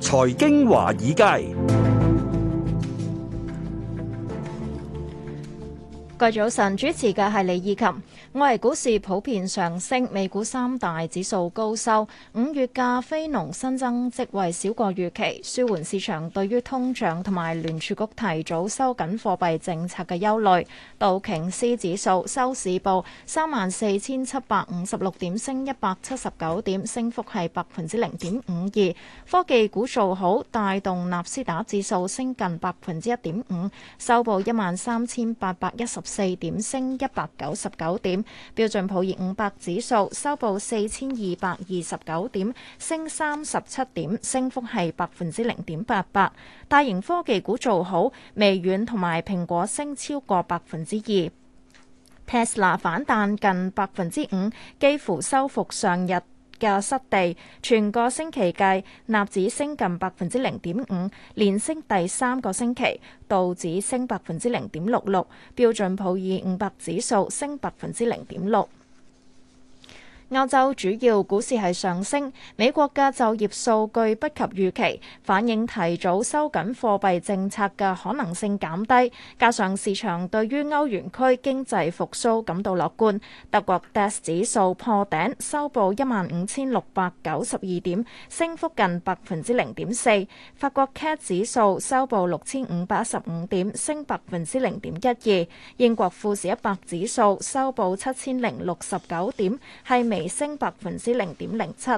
財經華爾街，各位早晨，主持嘅係李以琴。外圍股市普遍上升，美股三大指數高收。五月嘅非農新增職位少過預期，舒緩市場對於通脹同埋聯儲局提早收緊貨幣政策嘅憂慮。道瓊斯指數收市報三萬四千七百五十六點，升一百七十九點，升幅係百分之零點五二。科技股做好，帶動納斯達指數升近百分之一點五，收報一萬三千八百一十四點，升一百九十九點。標準普爾五百指數收報四千二百二十九點，升三十七點，升幅係百分之零點八八。大型科技股做好，微軟同埋蘋果升超過百分之二，Tesla 反彈近百分之五，幾乎收復上日，嘅失地，全個星期計，納指升近百分之零點五，連升第三個星期；道指升百分之零點六六，標準普爾五百指數升百分之零點六。歐洲主要股市係上升，美國嘅就業數據不及預期，反映提早收緊貨幣政策嘅可能性減低，加上市場對於歐元區經濟復蘇感到樂觀。德國 DAX 指數破頂收報一萬五千六百九十二點，升幅近百分之零點四。法國 CAC 指數收報六千五百一十五點，升百分之零點一二。英國富時一百指數收報七千零六十九點，係微。微升百分之零點零七，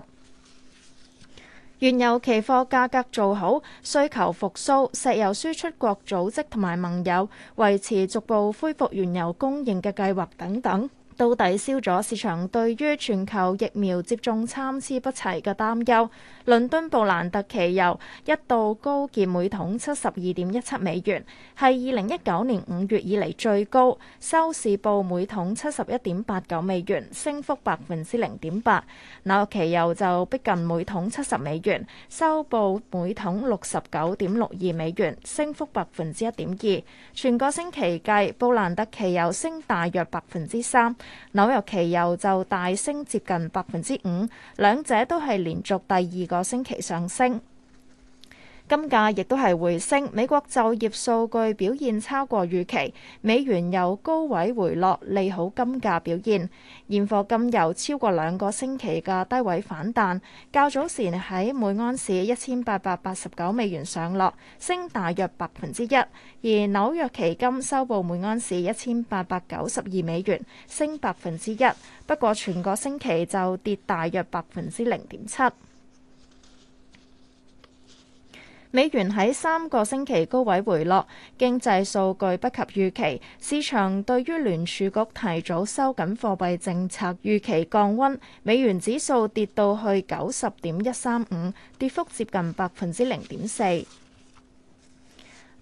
原油期貨價格做好，需求復蘇、石油輸出國組織同埋盟友維持逐步恢復原油供應嘅計劃等等。到底抵消咗市場對於全球疫苗接種參差不齊嘅擔憂。倫敦布蘭特期油一度高見每桶七十二點一七美元，係二零一九年五月以嚟最高，收市報每桶七十一點八九美元，升幅百分之零點八。紐約期油就逼近每桶七十美元，收報每桶六十九點六二美元，升幅百分之一點二。全個星期計，布蘭特期油升大約百分之三。紐約期油就大升接近百分之五，兩者都係連續第二個星期上升。金價亦都係回升，美國就業數據表現超過預期，美元由高位回落，利好金價表現。現貨金由超過兩個星期嘅低位反彈，較早前喺每盎士一千八百八十九美元上落，升大約百分之一。而紐約期金收報每盎士一千八百九十二美元，升百分之一，不過全個星期就跌大約百分之零點七。美元喺三個星期高位回落，經濟數據不及預期，市場對於聯儲局提早收緊貨幣政策預期降溫，美元指數跌到去九十點一三五，跌幅接近百分之零點四。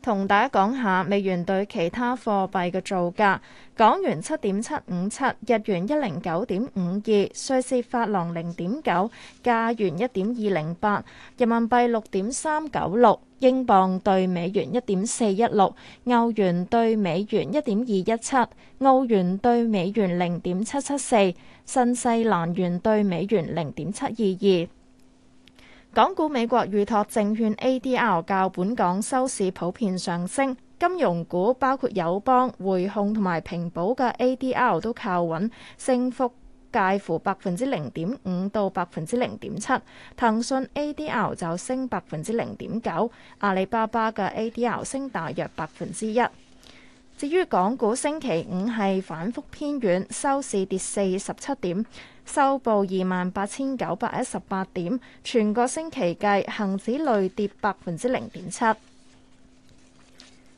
同大家講下美元對其他貨幣嘅造價：港元七點七五七，日元一零九點五二，瑞士法郎零點九，加元一點二零八，人民幣六點三九六，英鎊對美元一點四一六，歐元對美元一點二一七，澳元對美元零點七七四，新西蘭元對美元零點七二二。港股、美國預託證券 ADR 較本港收市普遍上升，金融股包括友邦、匯控同埋平保嘅 ADR 都靠穩，升幅介乎百分之零點五到百分之零點七。騰訊 ADR 就升百分之零點九，阿里巴巴嘅 ADR 升大約百分之一。至於港股星期五係反覆偏軟，收市跌四十七點，收報二萬八千九百一十八點。全個星期計，恆指累跌百分之零點七。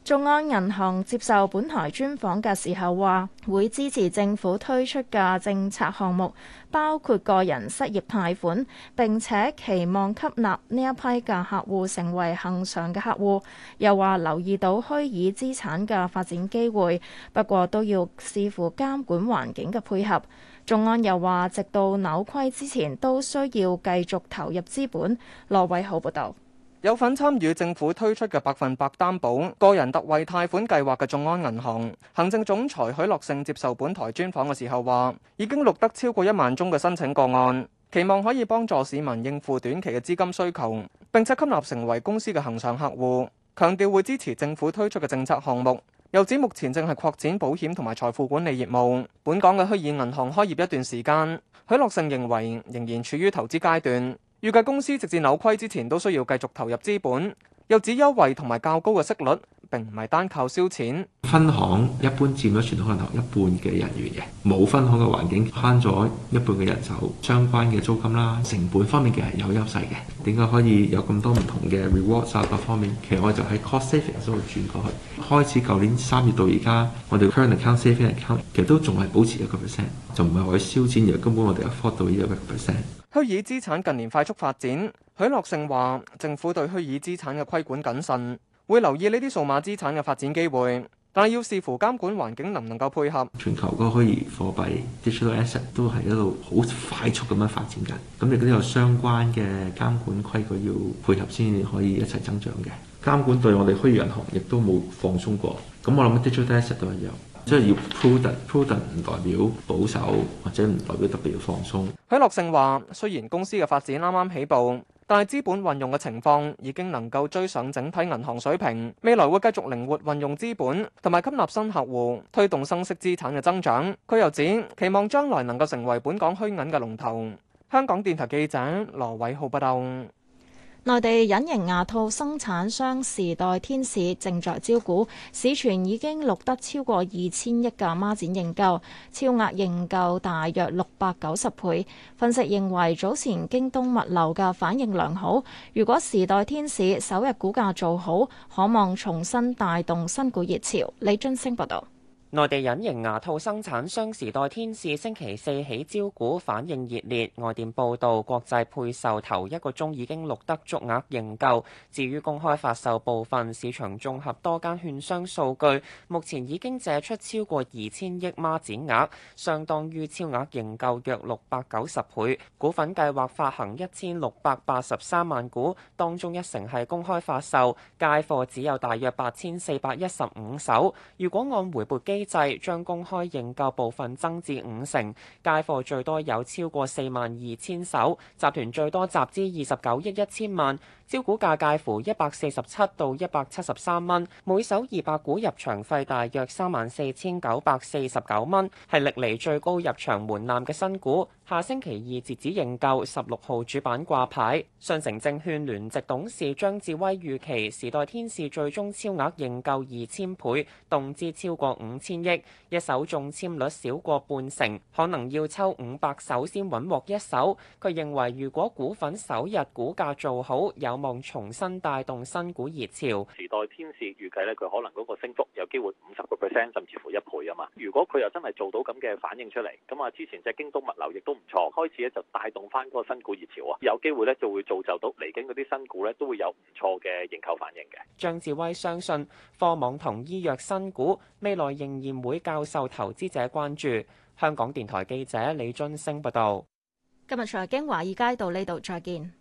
眾安銀行接受本台專訪嘅時候話，會支持政府推出嘅政策項目，包括個人失業貸款，並且期望吸納呢一批嘅客戶成為恆常嘅客戶。又話留意到虛擬資產嘅發展機會，不過都要視乎監管環境嘅配合。眾安又話，直到扭虧之前，都需要繼續投入資本。羅偉浩報道。有份參與政府推出嘅百分百擔保個人特惠貸款計劃嘅眾安銀行行政總裁許樂盛接受本台專訪嘅時候話，已經錄得超過一萬宗嘅申請個案，期望可以幫助市民應付短期嘅資金需求，並且吸納成為公司嘅恒常客戶。強調會支持政府推出嘅政策項目。又指目前正係擴展保險同埋財富管理業務。本港嘅虛擬銀行開業一段時間，許樂盛認為仍然處於投資階段。預計公司直至扭虧之前都需要繼續投入資本，又指優惠同埋較高嘅息率並唔係單靠燒錢。分行一般佔咗傳統銀行一半嘅人員嘅，冇分行嘅環境慳咗一半嘅人手，相關嘅租金啦、成本方面嘅係有優勢嘅。點解可以有咁多唔同嘅 reward 啊各方面？其實我就喺 cost saving 嗰度轉過去。開始舊年三月到而家，我哋 current account saving account 其實都仲係保持一個 percent，就唔係可以燒錢，而根本我哋 afford 到呢一個 percent。虛擬資產近年快速發展，許樂勝話：政府對虛擬資產嘅規管謹慎，會留意呢啲數碼資產嘅發展機會，但係要視乎監管環境能唔能夠配合。全球嗰個虛擬貨幣 digital asset 都係一度好快速咁樣發展緊，咁你都有相關嘅監管規矩要配合先可以一齊增長嘅。監管對我哋虛擬銀行亦都冇放鬆過，咁我諗 digital asset 都有。即係要 prudent prudent，唔代表保守，或者唔代表特別要放鬆。許樂勝話：雖然公司嘅發展啱啱起步，但係資本運用嘅情況已經能夠追上整體銀行水平，未來會繼續靈活運用資本同埋吸納新客戶，推動生息資產嘅增長。佢又指期望將來能夠成為本港虛銀嘅龍頭。香港電台記者羅偉浩報道。內地隱形牙套生產商時代天使正在招股，市傳已經錄得超過二千億嘅孖展認購，超額認購大約六百九十倍。分析認為，早前京東物流嘅反應良好，如果時代天使首日股價做好，可望重新帶動新股熱潮。李津星報道。內地隱形牙套生產商時代天使星期四起招股，反應熱烈，外電報道，國際配售頭一個鐘已經錄得足額認購。至於公開發售部分，市場綜合多間券商數據，目前已經借出超過二千億孖展額，相當於超額認購約六百九十倍。股份計劃發行一千六百八十三萬股，當中一成係公開發售，街貨只有大約八千四百一十五手。如果按回撥機機制將公開認購部分增至五成，街貨最多有超過四萬二千手，集團最多集資二十九億一千萬。招股價介乎一百四十七到一百七十三蚊，每手二百股入場費大約三萬四千九百四十九蚊，係歷嚟最高入場門檻嘅新股。下星期二截止認購，十六號主板掛牌。信誠證券聯席董事張智威預期時代天使最終超額認購二千倍，動資超過五千億，一手中簽率少過半成，可能要抽五百手先穩獲一手。佢認為如果股份首日股價做好有望重新帶動新股熱潮，時代天使預計咧，佢可能嗰個升幅有機會五十個 percent，甚至乎一倍啊嘛！如果佢又真係做到咁嘅反應出嚟，咁啊，之前隻京東物流亦都唔錯，開始咧就帶動翻嗰個新股熱潮啊，有機會咧就會造就到嚟緊嗰啲新股咧都會有唔錯嘅認購反應嘅。張智威相信科網同醫藥新股未來仍然會較受投資者關注。香港電台記者李津升報道。今日財經華爾街到呢度再見。